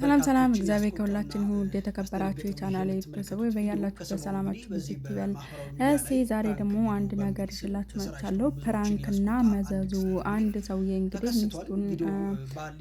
ሰላም ሰላም፣ እግዚአብሔር ከሁላችን ይሁን። የተከበራችሁ የቻናል ቤተሰቦች በያላችሁበት በሰላማችሁ ብዙ ይበል። እስኪ ዛሬ ደግሞ አንድ ነገር ይችላችሁ መጥቻለሁ። ፕራንክና መዘዙ። አንድ ሰውዬ እንግዲህ ሚስቱን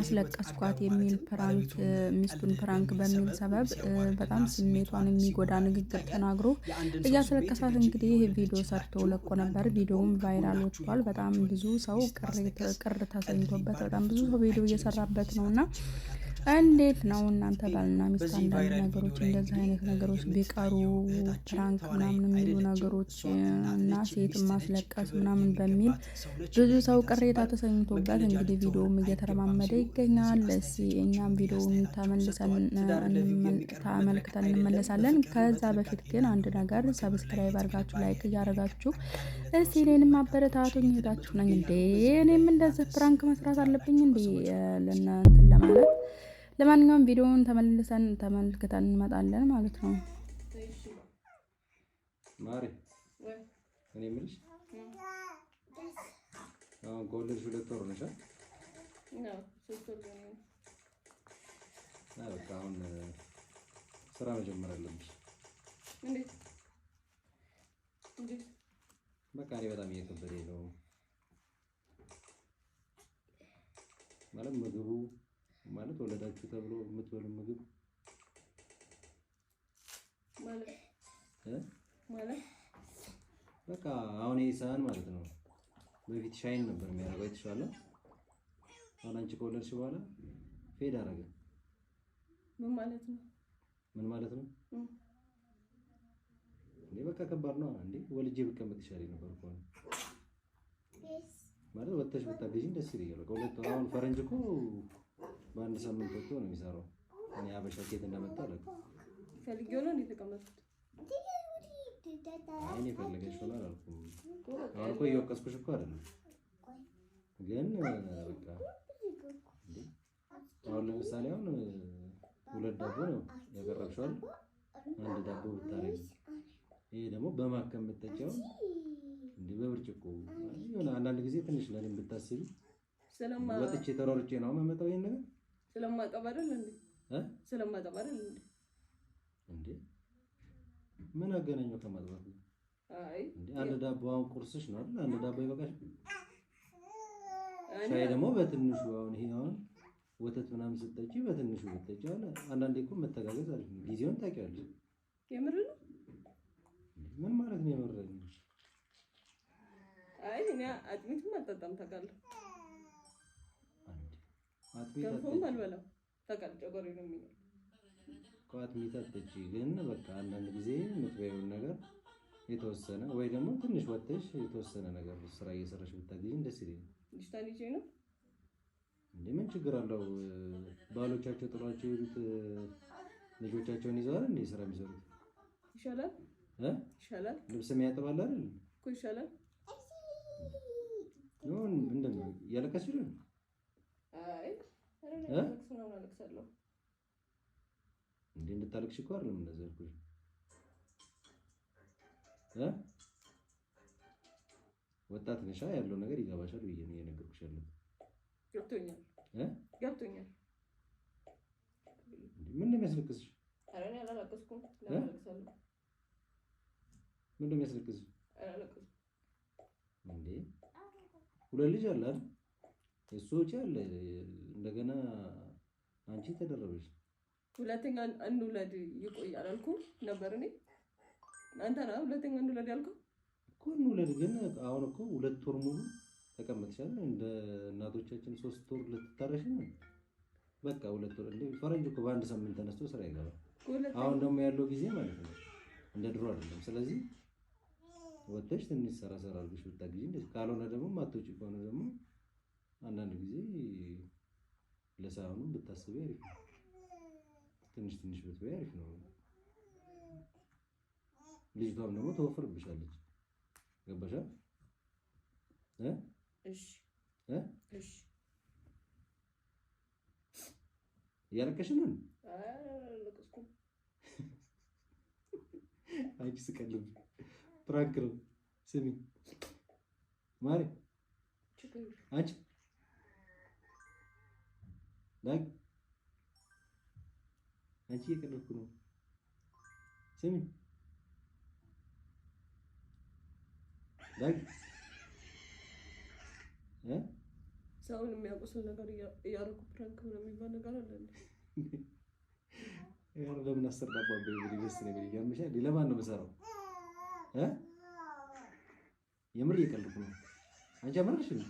አስለቀስኳት የሚል ፕራንክ ሚስቱን ፕራንክ በሚል ሰበብ በጣም ስሜቷን የሚጎዳ ንግግር ተናግሮ እያስለቀሳት እንግዲህ ቪዲዮ ሰርቶ ለቆ ነበር። ቪዲዮውም ቫይራል ወጥቷል። በጣም ብዙ ሰው ቅር ተሰኝቶበት በጣም ብዙ ሰው ቪዲዮ እየሰራበት ነው እና እንዴት ነው እናንተ ባልና ሚስት አንዳንድ ነገሮች እንደዚህ አይነት ነገሮች ቢቀሩ ፕራንክ ምናምን የሚሉ ነገሮች እና ሴት ማስለቀስ ምናምን በሚል ብዙ ሰው ቅሬታ ተሰኝቶበት እንግዲህ ቪዲዮም እየተረማመደ ይገኛል። እስኪ እኛም ቪዲዮውን ተመልክተን እንመለሳለን። ከዛ በፊት ግን አንድ ነገር ሰብስክራይብ አርጋችሁ ላይክ እያደረጋችሁ እስኪ እኔንም አበረታቱኝ። ሄዳችሁ ነኝ እንዴ እኔም እንደዚህ ፕራንክ መስራት አለብኝ እንዴ ለእናንትን ለማለት ለማንኛውም ቪዲዮውን ተመልሰን ተመልክተን እንመጣለን ማለት ነው። ማሪ እኔ የምልሽ አሁን ከወለድሽ ሁለት ወር ነሽ አይደል? በቃ አሁን ስራ መጀመር አለብሽ። በቃ እኔ በጣም እየከበደኝ ነው ማለት ምግቡ ማለት ወለዳችሁ ተብሎ የምትበሉ ምግብ ማለት ማለት በቃ አሁን ይሄ ሰሃን ማለት ነው። በፊት ሻይን ነበር የሚያደርገው የተሻለ። አሁን አንቺ ከወለድሽ በኋላ ፌድ አደረገ። ምን ማለት ነው? ምን ማለት ነው? እኔ በቃ ከባድ ነው እንዴ! ወልጄ ብቀመጥ ይሻለኝ ነበር እኮ ማለት ወጥተሽ ብታገዥኝ ደስ ይለኛል። በቃ ሁለት አሁን ፈረንጅ እኮ በአንድ ሳምንት ወጥቶ ነው የሚሰራው። እኔ አበሻ ኬት እንደመጣ አለ ፈልጌው ነው እንደተቀመጡት እኔ ፈልገሽ ሆነ አላልኩም። አሁን እኮ እየወቀስኩሽ እኮ አይደለም፣ ግን በቃ አሁን ለምሳሌ አሁን ሁለት ዳቦ ነው ያቀረብሽዋል። አንድ ዳቦ ብታረጊ ይሄ ደግሞ በማከም ብትጨው እንደ በብርጭቆ የሆነ አንዳንድ ጊዜ ትንሽ ለኔም ብታስቢ ወጥቼ ተሯርጬ ነው የማመጣው ይሄን ነገር ስለማውቀው አይደል እንዴ? እ ስለማውቀው አይደል እንዴ? ምን አገናኘው ከማጥባት ነው? አይ አንድ ዳቦ አሁን ቁርስሽ ነው አይደል? አንድ ዳቦ ይበቃሽ። ሻይ ደግሞ በትንሹ አሁን ይሄ አሁን ወተት ምናምን ስትጠጪ በትንሹ ብትጠጪ አሁን አንዳንዴ እኮ መተጋገዝ አለ። ነው። ጊዜውን ታውቂዋለሽ። የምር ምን ማለት ነው የምር አይ እኔ አጥሚትም አልጠጣም ታውቃለህ ገንፎም አልበላው ተቃል ጨጎሪ ነው የሚለው ከአጥሚት አትጪ ግን በቃ አንዳንድ ጊዜ የምትበይውን ነገር የተወሰነ ወይ ደግሞ ትንሽ ወጥተሽ የተወሰነ ነገር ስራ እየሰራሽ ብታገኝ ደስ ይለኛል። ልጅታን ይዤ ነው እንዴ? ምን ችግር አለው? ባሎቻቸው ጥሏቸው የሄዱት ልጆቻቸውን ይዘዋል እንዴ ስራ የሚሰሩት ይሻላል ይሻላል ልብስ የሚያጥባል አይደል እኮ ይሻላል። ምንድን ነው እያለቀስሽ ነው? አይ እንዴ እንድታለቅሽ እኮ አይደለም እንደዚህ እ ወጣት ነሻ ያለው ነገር ይገባሻል ብዬ ነው እየነገርኩሽ ያለው ገብቶኛል እ ገብቶኛል ምን እንደሚያስለቅስሽ? ምን እንደሚያስለቅስሽ? ሁለት ልጅ አለ አይደል? እሱ ወጪ አለ። እንደገና አንቺ ተደረበች። ሁለተኛ እንውለድ ይቆያል አልኩ ነበር እኔ አንተ ና ሁለተኛ እንውለድ ያልኩህ እኮ እንውለድ። ግን አሁን እኮ ሁለት ወር ሙሉ ተቀመጥሻል። እንደ እናቶቻችን ሶስት ወር ልትታረሽ ነው። በቃ ሁለት ወር እንደ ፈረንጅ እኮ በአንድ ሳምንት ተነስቶ ስራ ይገባል። አሁን ደግሞ ያለው ጊዜ ማለት ነው እንደ ድሮ አይደለም። ስለዚህ ወጥተሽ ትንሽ ሰራ ሰራ አድርገሽ ብታግዢ፣ ካልሆነ ደግሞ ማትወጪ ከሆነ ደግሞ አንዳንድ ጊዜ ለሳይሆኑ ብታስቢ አሪፍ ነው። ትንሽ ትንሽ ብትበይ አሪፍ ነው። ልጅቷም ደግሞ ተወፍርብሻለች። ገባሻል? እያለቀሽ ነው። አንቺ ስቀልብ ፕራንክ ነው። ስሚ ማሪ አንቺ ዳግ አንቺ እየቀለድኩ ነው። ስሚ ዳግ ሰውን የሚያውቁስል ነገር እያደረኩ ፕራንክ ነው የሚባል ነገር አለ። ለምን አስር ዳቦ ለማን ነው የምሰራው? የምር እየቀለድኩ ነው። አንቺ አመረርሽ ነው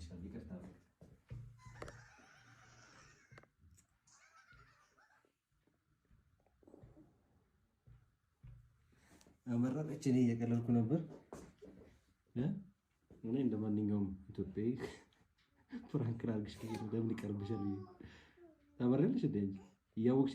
Çıkan bir kere daha. አመረጠች። እኔ እየቀለልኩ ነበር። እኔ እንደ ማንኛውም ኢትዮጵያዊ ፍራንክ ላድርግሽ ብዬሽ ነው። ለምን ይቀርብሻል ብዬ ታበሪያለሽ እንደ እንጂ እያወቅሽ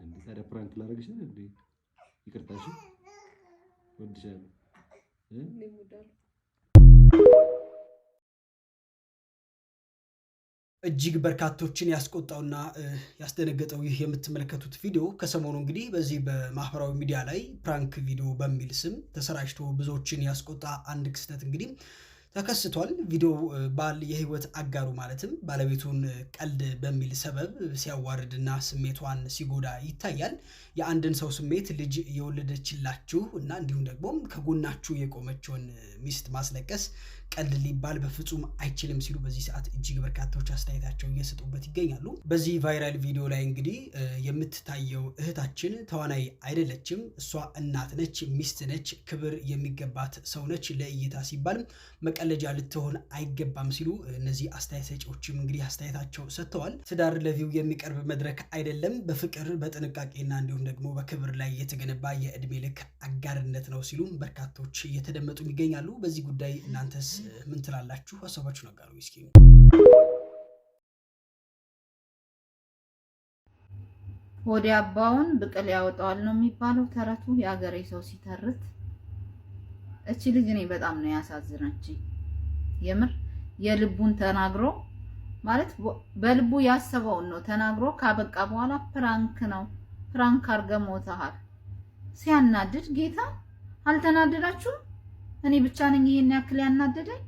እንደ ታዲያ ፍራንክ ላድርግሽ እንደ ይቅርታሽ እጅግ በርካቶችን ያስቆጣውና ያስደነገጠው ይህ የምትመለከቱት ቪዲዮ ከሰሞኑ እንግዲህ በዚህ በማህበራዊ ሚዲያ ላይ ፕራንክ ቪዲዮ በሚል ስም ተሰራጭቶ ብዙዎችን ያስቆጣ አንድ ክስተት እንግዲህ ተከስቷል። ቪዲዮ ባል የህይወት አጋሩ ማለትም ባለቤቱን ቀልድ በሚል ሰበብ ሲያዋርድና ስሜቷን ሲጎዳ ይታያል። የአንድን ሰው ስሜት ልጅ የወለደችላችሁ እና እንዲሁም ደግሞ ከጎናችሁ የቆመችውን ሚስት ማስለቀስ ቀልድ ሊባል በፍጹም አይችልም ሲሉ በዚህ ሰዓት እጅግ በርካታዎች አስተያየታቸው እየሰጡበት ይገኛሉ። በዚህ ቫይራል ቪዲዮ ላይ እንግዲህ የምትታየው እህታችን ተዋናይ አይደለችም። እሷ እናት ነች፣ ሚስት ነች፣ ክብር የሚገባት ሰው ነች። ለእይታ ሲባል መቀለጃ ልትሆን አይገባም ሲሉ እነዚህ አስተያየት ሰጪዎችም እንግዲህ አስተያየታቸው ሰጥተዋል። ትዳር ለቪው የሚቀርብ መድረክ አይደለም፣ በፍቅር በጥንቃቄና እንዲሁም ደግሞ በክብር ላይ የተገነባ የእድሜ ልክ አጋርነት ነው ሲሉም በርካቶች እየተደመጡ ይገኛሉ። በዚህ ጉዳይ እናንተስ ምን ትላላችሁ? ሀሳባችሁ ነጋሩ እስኪ ወደ አባውን ብቅል ያወጣዋል ነው የሚባለው ተረቱ። የሀገሬ ሰው ሲተርት እቺ ልጅ እኔ በጣም ነው ያሳዝናችኝ። የምር የልቡን ተናግሮ ማለት በልቡ ያሰበውን ነው ተናግሮ ካበቃ በኋላ ፕራንክ ነው ፕራንክ አርገ ሞተሃል። ሲያናድድ ጌታ አልተናደዳችሁም? እኔ ብቻ ነኝ ይሄን ያክል ያናደደኝ?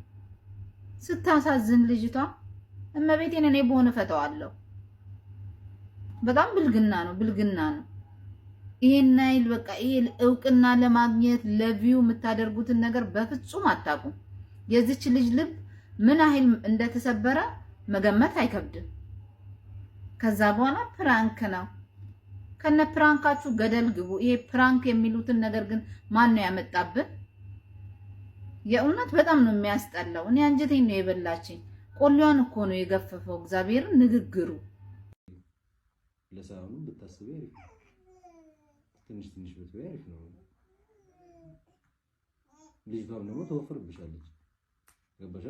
ስታሳዝን ልጅቷ እመቤቴን እኔ በሆነ ፈተዋለሁ። በጣም ብልግና ነው ብልግና ነው። ይሄን አይል በቃ ይሄ እውቅና ለማግኘት ለቪው የምታደርጉትን ነገር በፍጹም አታውቁም። የዚች ልጅ ልብ ምን ያህል እንደተሰበረ መገመት አይከብድም። ከዛ በኋላ ፕራንክ ነው። ከነ ፕራንካችሁ ገደል ግቡ። ይሄ ፕራንክ የሚሉትን ነገር ግን ማን ነው ያመጣብን? የእውነት በጣም ነው የሚያስጠላው። እኔ አንጀቴን ነው የበላችኝ። ቆሌዋን እኮ ነው የገፈፈው። እግዚአብሔርን ንግግሩ ለሰላሙ ብታስቢ አሪፍ ትንሽ ትንሽ ብትበይ አሪፍ ነው። ልጅቷም ደግሞ ተወፍርብሻለች። ገባሻ?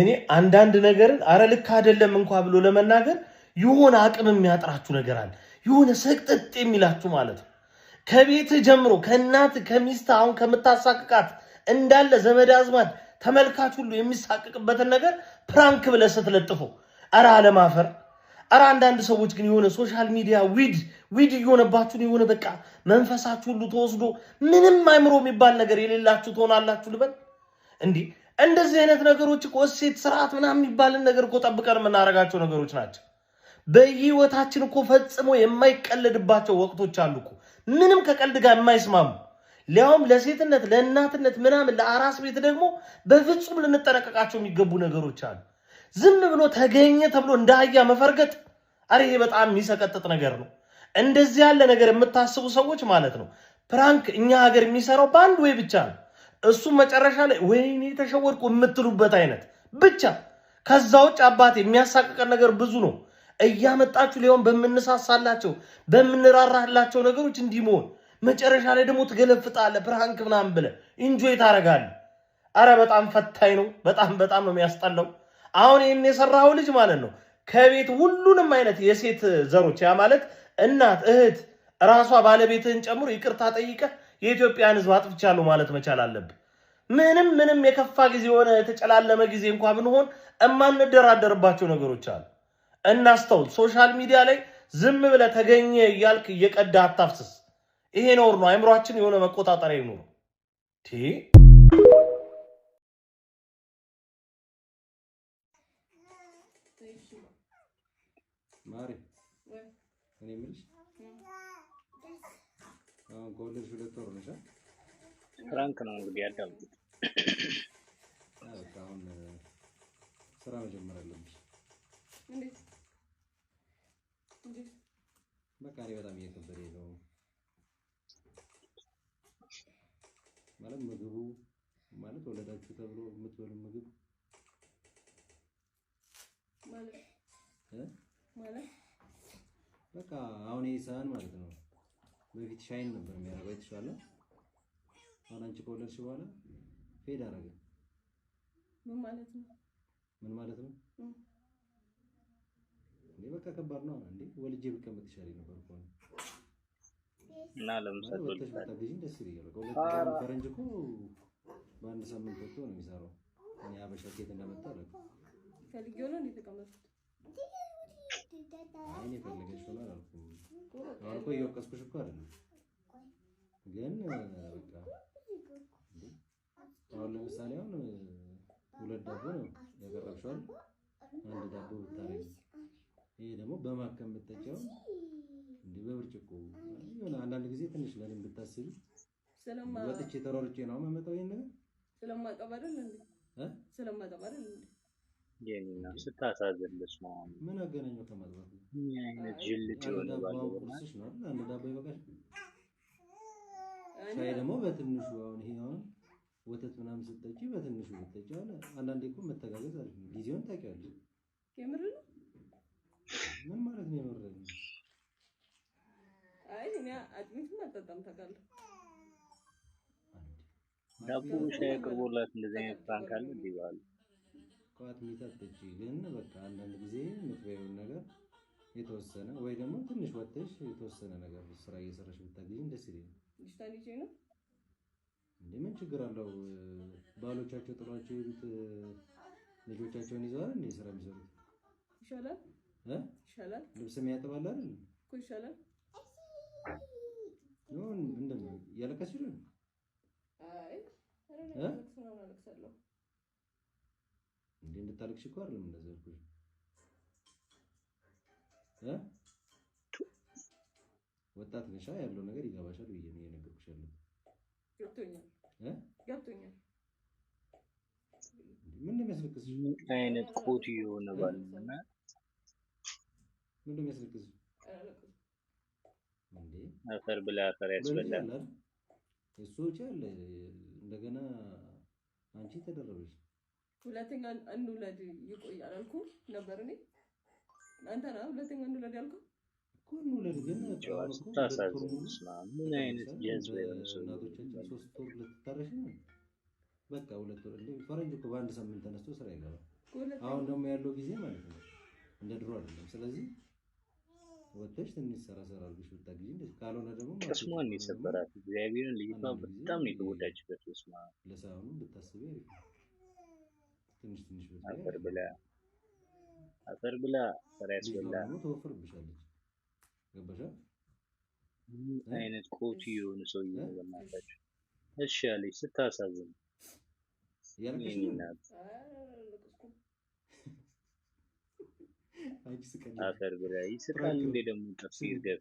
እኔ አንዳንድ ነገርን አረ ልክ አይደለም እንኳ ብሎ ለመናገር የሆነ አቅም የሚያጥራችሁ ነገር አለ። የሆነ ሰቅጥጥ የሚላችሁ ማለት ነው ከቤት ጀምሮ ከእናት ከሚስት አሁን ከምታሳቅቃት እንዳለ ዘመድ አዝማድ ተመልካች ሁሉ የሚሳቅቅበትን ነገር ፕራንክ ብለህ ስትለጥፉ፣ ኧረ አለማፈር። ኧረ አንዳንድ ሰዎች ግን የሆነ ሶሻል ሚዲያ ዊድ ዊድ እየሆነባችሁን የሆነ በቃ መንፈሳችሁ ሁሉ ተወስዶ ምንም አይምሮ የሚባል ነገር የሌላችሁ ትሆናላችሁ ልበል። እንዲህ እንደዚህ አይነት ነገሮች እኮ እሴት፣ ስርዓት ምናምን የሚባልን ነገር እኮ ጠብቀን የምናደርጋቸው ነገሮች ናቸው። በህይወታችን እኮ ፈጽሞ የማይቀለድባቸው ወቅቶች አሉ እኮ ምንም ከቀልድ ጋር የማይስማሙ ሊያውም ለሴትነት ለእናትነት ምናምን ለአራስ ቤት ደግሞ በፍጹም ልንጠነቀቃቸው የሚገቡ ነገሮች አሉ። ዝም ብሎ ተገኘ ተብሎ እንደ አህያ መፈርገጥ፣ አረ ይሄ በጣም የሚሰቀጥጥ ነገር ነው። እንደዚህ ያለ ነገር የምታስቡ ሰዎች ማለት ነው። ፕራንክ እኛ ሀገር የሚሰራው በአንድ ወይ ብቻ ነው። እሱም መጨረሻ ላይ ወይኔ የተሸወድኩ የምትሉበት አይነት ብቻ። ከዛ ውጭ አባት የሚያሳቅቀን ነገር ብዙ ነው። እያመጣችሁ ሊሆን በምንሳሳላቸው በምንራራላቸው ነገሮች እንዲህ መሆን መጨረሻ ላይ ደግሞ ትገለፍጣለህ፣ ፕራንክ ምናምን ብለህ ኢንጆይ ታደርጋለህ። አረ በጣም ፈታኝ ነው። በጣም በጣም ነው የሚያስጠላው። አሁን ይህን የሰራው ልጅ ማለት ነው ከቤት ሁሉንም አይነት የሴት ዘሮች ያ ማለት እናት፣ እህት፣ ራሷ ባለቤትህን ጨምሮ ይቅርታ ጠይቀህ የኢትዮጵያን ሕዝብ አጥፍቻለሁ ማለት መቻል አለብህ። ምንም ምንም የከፋ ጊዜ የሆነ የተጨላለመ ጊዜ እንኳ ብንሆን እማንደራደርባቸው ነገሮች አሉ። እናስተውል። ሶሻል ሚዲያ ላይ ዝም ብለ ተገኘ እያልክ እየቀዳ አታፍስስ። ይሄ ኖር ነው። አይምሯችን የሆነ መቆጣጠሪያ ይኑሩ። ፍራንክ ነው እንግዲህ ያዳምጡት። ስራ መጀመር አለብሽ። በቃ እኔ በጣም እየከበደኝ ነው ማለት ምግቡ ማለት ወለዳችሁ ተብሎ የምትበሉ ምግብ ማለት ማለት በቃ አሁን ይሄ ሰሃን ማለት ነው። በፊት ሻይን ነበር የሚያደርገው የተሻለ አሁን አንቺ ከወለድሽ በኋላ ፌድ አደረገ። ምን ማለት ነው? ምን ማለት ነው? በቃ ከባድ ነው እንዴ! ወልጄ ብቀመጥ ይሻል ነበር እኮ እና ለምሳሌ ደስ ይላል። ፈረንጅ እኮ በአንድ ሳምንት ወጥቶ ነው የሚሰራው። እኔ አበሻ ኬት እንደመጣ አለ ፈልጌ ሆነ የተቀመጡት እኔ ፈልገሽ ሆነ አላልኩም። አሁን እኮ እየወቀስኩሽ እኮ አይደለም፣ ግን በቃ አሁን ለምሳሌ አሁን ሁለት ዳቦ ነው ያቀረብሽዋል። አንድ ዳቦ ብታረጊ ይሄ ደግሞ በማከም ብትጠጪው እንደ በብርጭቆ የሆነ አንዳንድ ጊዜ ትንሽ ለኔም ብታስቢ ወጥቼ ተሯርጬ ነው የማመጣው ይሄን ነገር ስለማውቀው አይደል እንዴ እ ስለማውቀው አይደል እንዴ ስታሳዝልሽ ነው። ምን አገናኘው ከማጥባት ነው? አንድ ዳቦ ይበቃሽ። ሻይ ደግሞ በትንሹ አሁን ይሄ አሁን ወተት ምናምን ስትጠጪ በትንሹ ብትጠጪ፣ አሁን አንዳንዴ እኮ መተጋገዝ አለ። ጊዜውን ታውቂዋለሽ። የምር አጥሚትም አልጠጣም ታውቃለህ። ዳቦ ሻይ ቀርቦላት እንደዚህ አይነት ፕራንክ አለ እንዴ? ባል ቋት ሚጠጥጪ ግን በቃ አንዳንድ ጊዜ ምትበይውን ነገር የተወሰነ ወይ ደግሞ ትንሽ ወጥተሽ የተወሰነ ነገር ስራ እየሰራሽ ብታገኝ ደስ ይለኛል። ልጅታ ምን ችግር አለው? ባሎቻቸው ጥሏቸው የሄዱት ልጆቻቸውን ይዘዋል እንዴ ስራ የሚሰሩት ይሻላል። ይሻላል ልብስ የሚያጥባል አይደል እኮ ይሻላል ይሁን ምንድን ነው እያለቀስ ይሉን? አይ እንዴ እንድታለቅሽ እኮ አይደለም እንደዛ ያልኩሽ እ ወጣት ነሻ ያለው ነገር ይገባሻል ብዬ ነው እየነገርኩሽ ያለው። ገብቶኛል ምን እንደሚያስለቅስሽ አፈር ብላ አፈር ያስበላል። እሱ ውጭ አለ። እንደገና አንቺ ተደረበች። ሁለተኛ እንውለድ ይቆያል አልኩ ነበር እኔ አንተ ና ሁለተኛ እንውለድ ያልኩ እኮ እንውለድ ግን ምን አይነት የህዝብ እናቶቻችን ሶስት ወር በቃ ሁለት ወር ፈረንጅ እኮ በአንድ ሳምንት ተነስቶ ስራ ይገባል። አሁን ደግሞ ያለው ጊዜ ማለት ነው እንደ ድሮ አይደለም። ስለዚህ ወደሽ ትንሽ ሰራ አድርገሽ ብታግዢ ካልሆነ ደግሞ ቅስሟን የሰበራት እግዚአብሔርን ልጅቷ በጣም ነው የተጎዳችበት። ስማ ትንሽ ትንሽ አፈር ብላ አፈር ብላ ያስበላ ተወፍርብሻለች። ገባሻ? አይነት ኮቲ የሆነ ሰው በማታቸው እሺ አለች። ስታሳዝን ያልሽ አፈር ብላ ይስቃል እንዴ ደግሞ ተፍሲር ገብ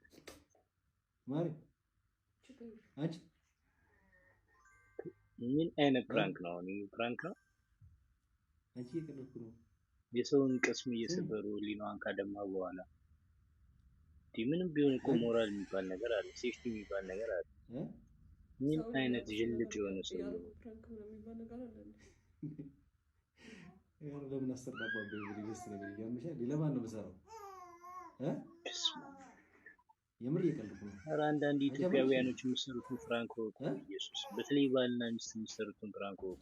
ማሪ አንቺ ምን አይነት ፕራንክ ነው? እኔ ፕራንክ ነው አንቺ እየቀለድኩ ነው። የሰውን ቅስም እየሰበሩ ሊናዋን ካደማ በኋላ ምንም ቢሆን እኮ ሞራል የሚባል ነገር አለ፣ ሴፍቲ የሚባል ነገር አለ። ምን አይነት ጅልጥ የሆነ ሰው ነው? ይሄን ለምን አስተጣጣው በግሪስ ነው የሚያምሻል? ለማን ነው የምሰራው? የምር እየቀልኩ ነው። ኧረ አንዳንድ ኢትዮጵያውያኖች የሚሰሩትን ፍራንክ ወቁ። ኢየሱስ በተለይ ባልና ሚስት የሚሰሩትን ፍራንክ ወቁ።